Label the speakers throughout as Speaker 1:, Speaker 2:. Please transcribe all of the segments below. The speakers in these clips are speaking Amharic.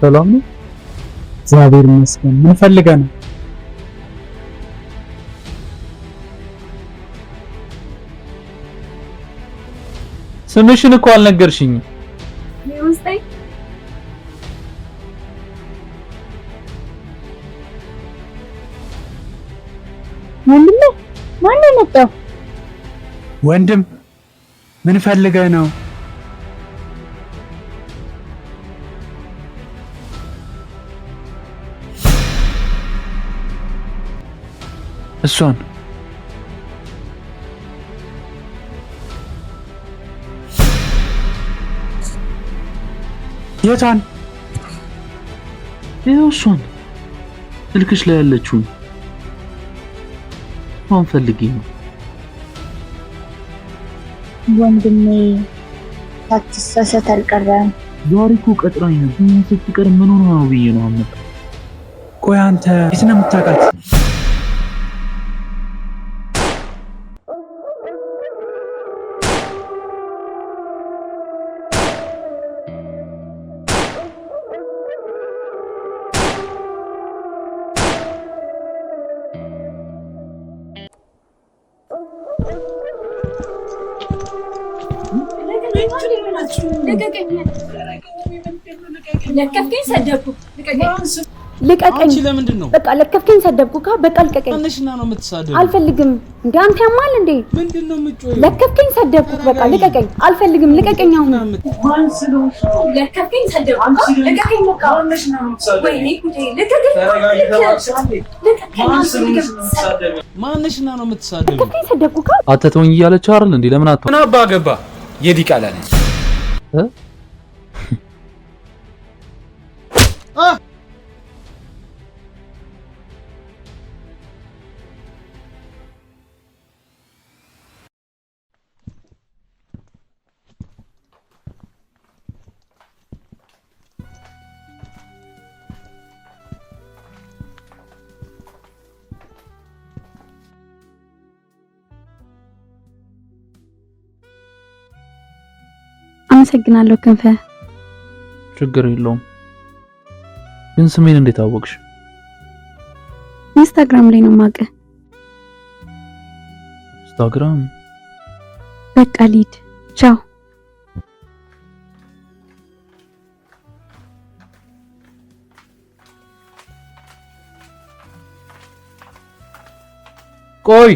Speaker 1: ሰላም ነው? እግዚአብሔር ይመስገን። ምን ፈልገህ ነው? ስምሽን እኮ አልነገርሽኝም።
Speaker 2: ምንድን ነው? መጣው።
Speaker 1: ወንድም ምን ፈልገህ ነው? እሷን የቷን? ይኸው እሷን ስልክሽ ላይ ያለችውን ማን ፈልጊ ነው?
Speaker 2: ወንድሜ ሳትሳሳት አልቀረም።
Speaker 1: ዛሬ እኮ ቀጥራኝ ነው። ስትቀር ምን ሆነ ነው ብዬ ነው አመጣ። ቆይ አንተ የት ነው የምታውቃት?
Speaker 2: ለከፍከኝ ሰደብኩ። ልቀቀኝ። ለምንድን ነው በቃ ለከፍከኝ ሰደብኩ። ካ በቃ
Speaker 1: ልቀቀኝ። ትንሽና ነው የምትሳደብ።
Speaker 2: አልፈልግም። እንዴ አንተ ያማል እንዴ?
Speaker 1: ምንድን ነው የምትጮህ?
Speaker 2: ለከፍከኝ ሰደብኩ። በቃ ልቀቀኝ። አልፈልግም። ልቀቀኝ። አሁን ለከፍከኝ ሰደብኩ።
Speaker 1: ልቀቀኝ። በቃ ትንሽና
Speaker 2: ነው የምትሳደብ። ወይ ልቀቀኝ።
Speaker 1: ማንሽና ነው የምትሳደብ?
Speaker 2: ለከፍከኝ ሰደብኩ። ካ
Speaker 1: አትተውኝ እያለች አይደል እንዴ? ለምን አትተው? ምን አባ ገባ የዲቃላ ልጅ
Speaker 2: አመሰግናለሁ ክንፈ።
Speaker 1: ችግር የለውም። ግን ስሜን እንዴት አወቅሽ?
Speaker 2: ኢንስታግራም ላይ ነው ማቀ። ኢንስታግራም በቃ ሊድ ቻው።
Speaker 1: ቆይ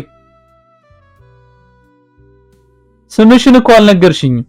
Speaker 1: ስምሽን እኮ አልነገርሽኝም።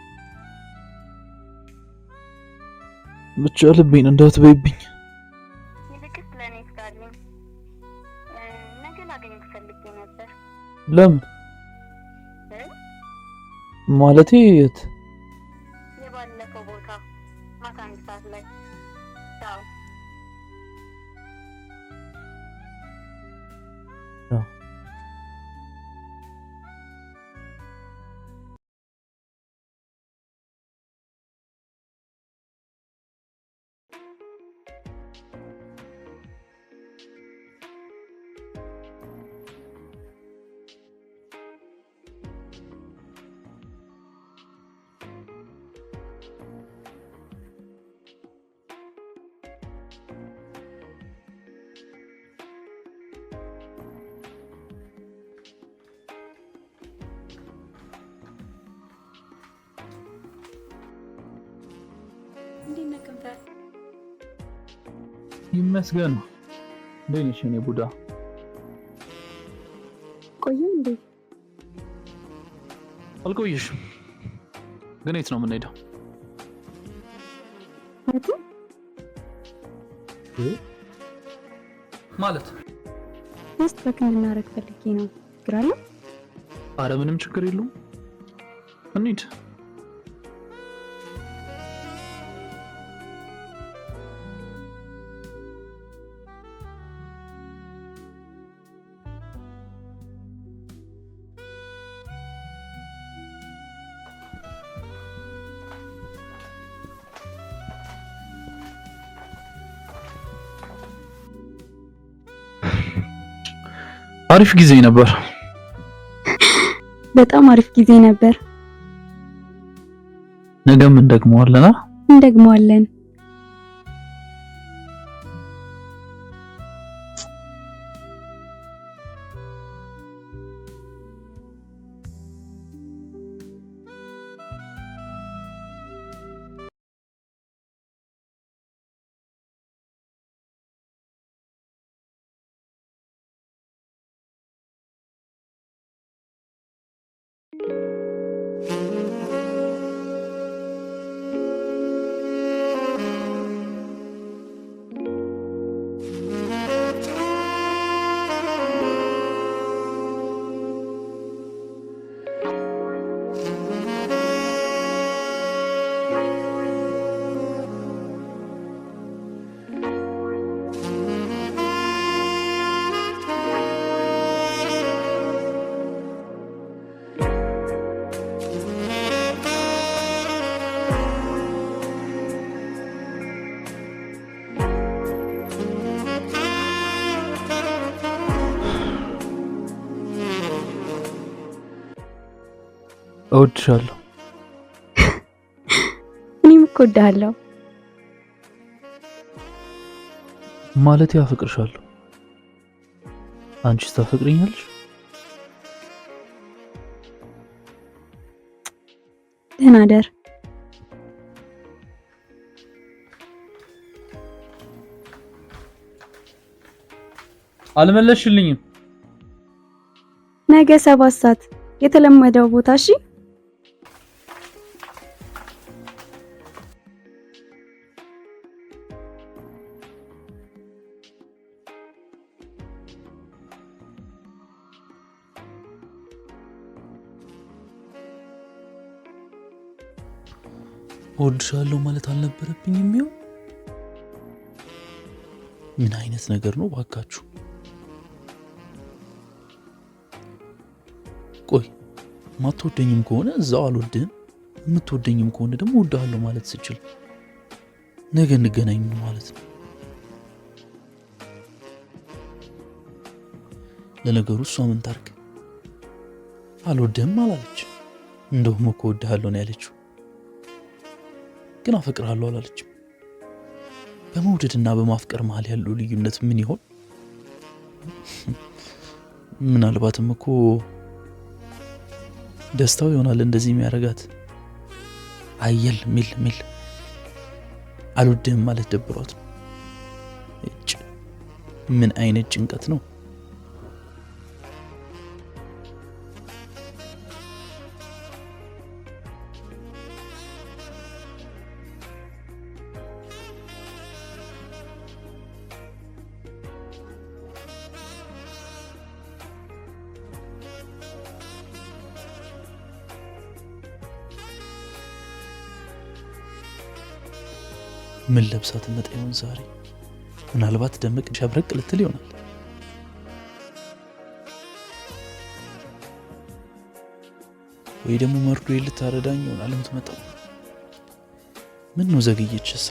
Speaker 1: ብቻ ልቤን እንዳትበይብኝ።
Speaker 2: ይልቅስ ለእኔ ፍቃድልኝ። ነገ ላገኝህ ፈልጌ ነበር።
Speaker 1: ለምን ማለቴ የት ይመስገን። እንዴት ነሽ የኔ ቡዳ? ቆየ እንዴ? አልቆየሽም። ግን የት ነው የምንሄደው? ማለት
Speaker 2: ስ በክ እንድናደርግ ፈልጌ ነው። ችግር አለ?
Speaker 1: አረ ምንም ችግር የለውም። እንሂድ አሪፍ ጊዜ ነበር።
Speaker 2: በጣም አሪፍ ጊዜ ነበር።
Speaker 1: ነገም እንደግመዋለን።
Speaker 2: እንደግመዋለን። thank you እወድሻለሁ። እኔም እኮ እወድሃለሁ።
Speaker 1: ማለት ያፈቅርሻለሁ። አንቺስ ታፈቅሪኛለሽ? ደህና ደር አልመለሽልኝም
Speaker 2: ነገ ሰባት ሰዓት የተለመደው ቦታ እሺ።
Speaker 1: እወድሻለሁ ማለት አልነበረብኝ የሚሆን ምን አይነት ነገር ነው ባካችሁ? ቆይ ማትወደኝም ከሆነ እዛው አልወድህም፣ የምትወደኝም ከሆነ ደግሞ ወዳለሁ ማለት ስችል ነገ እንገናኝ ማለት ነው። ለነገሩ እሷ ምን ታርግ፣ አልወድህም አላለች። እንደውም እኮ እወድሃለሁ ነው ያለችው። ግን አፈቅርሃለሁ አላለችም። በመውደድና በማፍቀር መሀል ያለው ልዩነት ምን ይሆን? ምናልባትም እኮ ደስታው ይሆናል እንደዚህ የሚያደርጋት። አየል ሚል ሚል አልወድህም ማለት ደብሯት ነው። ምን አይነት ጭንቀት ነው? ምን ለብሳ ትመጣ ይሆን ዛሬ? ምናልባት ደምቅ ሸብረቅ ልትል ይሆናል። ወይ ደግሞ መርዶ ልታረዳኝ ይሆናል የምትመጣው። ምን ነው ዘግየችሳ?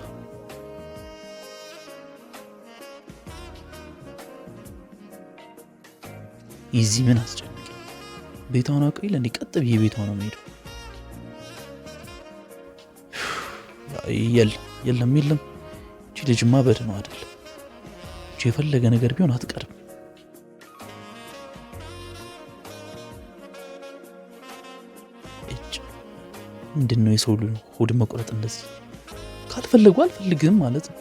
Speaker 1: ይዚህ ምን አስጨንቅ። ቤቷን አውቀው ለእንዲ ቀጥ ብዬ ቤቷ ነው የምሄደው። የለም የለም የለም፣ እቺ ልጅማ ነው አይደል እ የፈለገ ነገር ቢሆን አትቀርም። እጭ ምንድን የሰው ሆድ መቁረጥ እንደዚህ ካልፈለጉ አልፈልግም ማለት ነው።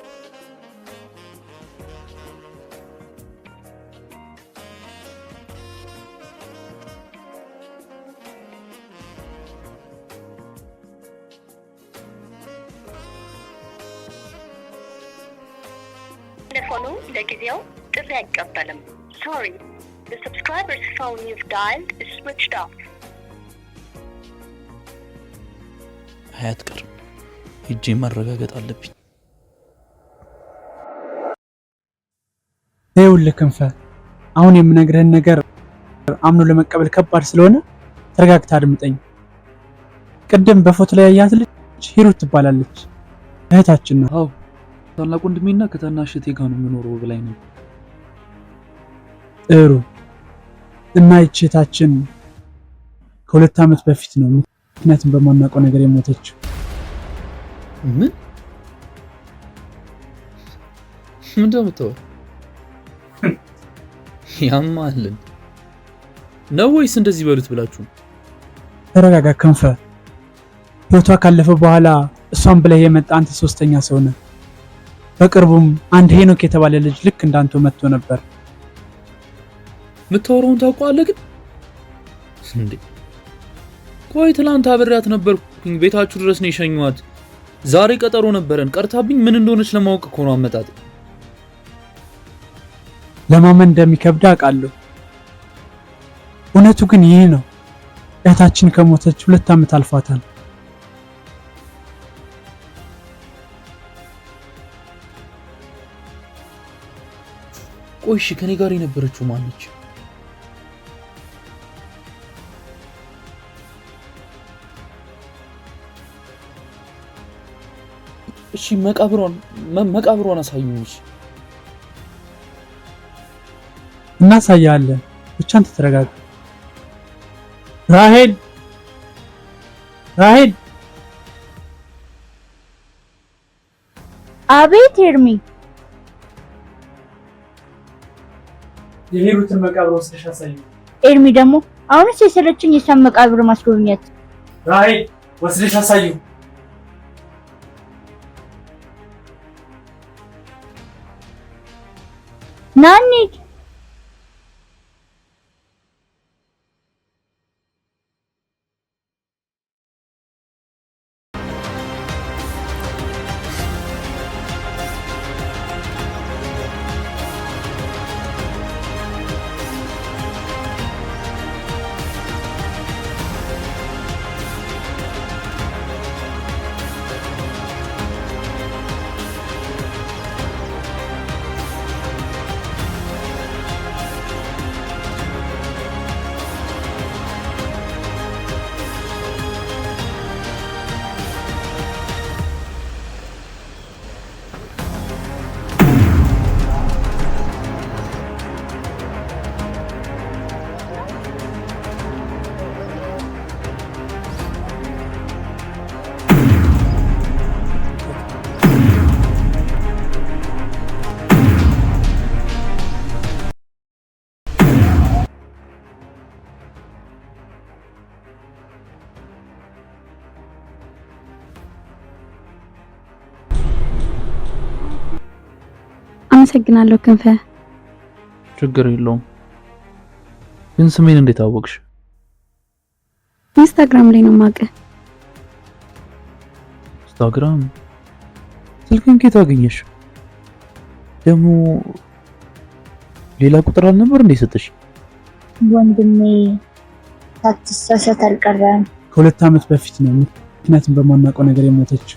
Speaker 2: phone you've dialed is switched off.
Speaker 1: ሀያት ቀር ሂጄ ማረጋገጥ አለብኝ። ይኸውልህ ክንፈ፣ አሁን የምነግርህን ነገር አምኖ ለመቀበል ከባድ ስለሆነ ተረጋግተህ አድምጠኝ። ቅድም በፎቶ ላይ ያያት ልጅ ሂሩት ትባላለች፣ እህታችን ነው። አዎ ታላቅ ወንድሜና ከታናሽ እህቴ ጋር ነው የምኖረው ብላኝ ነው ጥሩ እና ይቼታችን ከሁለት ዓመት በፊት ነው ምክንያቱም በማናውቀው ነገር የሞተችው። ምን ምንደምተው ያማልን ነው ወይስ እንደዚህ በሉት ብላችሁ? ተረጋጋ ከንፈ። ህይወቷ ካለፈ በኋላ እሷን ብለህ የመጣ አንተ ሶስተኛ ሰው ነህ። በቅርቡም አንድ ሄኖክ የተባለ ልጅ ልክ እንዳንተ መጥቶ ነበር። ምታወራውን ታውቀዋለህ ግን እንዴ ቆይ ትላንት አብሬያት ነበርኩኝ ቤታችሁ ድረስ ነው የሸኘኋት ዛሬ ቀጠሮ ነበረን ቀርታብኝ ምን እንደሆነች ለማወቅ እኮ ነው አመጣጥ ለማመን እንደሚከብድ አውቃለሁ እውነቱ ግን ይህ ነው እህታችን ከሞተች ሁለት ዓመት አልፏታል ቆይ እሺ ከኔ ጋር የነበረችው ማነች እሺ መቃብሮን መቃብሮን አሳዩኝ። እሺ እናሳያለን፣ ብቻን ተረጋጋ። ራሄል ራሄል!
Speaker 2: አቤት ኤርሚ፣
Speaker 1: የሄሩትን መቃብር ወስደሽ አሳዩኝ።
Speaker 2: ኤርሚ ደግሞ አሁንስ የሰለችን የሳም መቃብር ማስጎብኘት።
Speaker 1: ራሄል ወስደሽ አሳዩኝ።
Speaker 2: 何 አመሰግናለሁ ክንፈ።
Speaker 1: ችግር የለውም። ግን ስሜን እንዴት አወቅሽ?
Speaker 2: ኢንስታግራም ላይ ነው ማቀ።
Speaker 1: ኢንስታግራም? ስልክን ከየት አገኘሽ? ደግሞ ሌላ ቁጥር አልነበር እንዴ ሰጠሽ?
Speaker 2: ወንድሜ ሳትሳሳት አልቀረም።
Speaker 1: ከሁለት ዓመት በፊት ነው ምክንያቱም በማናውቀው ነገር የሞተች።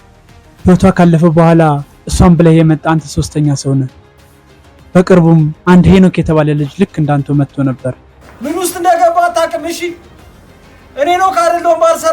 Speaker 1: ህይወቷ ካለፈ በኋላ እሷን ብለህ የመጣ አንተ ሶስተኛ ሰው ነህ። በቅርቡም አንድ ሄኖክ የተባለ ልጅ ልክ እንዳንተ መጥቶ ነበር። ምን ውስጥ እንደገባ አታውቅም። እሺ እኔ ነው ካርሎ ባርሰ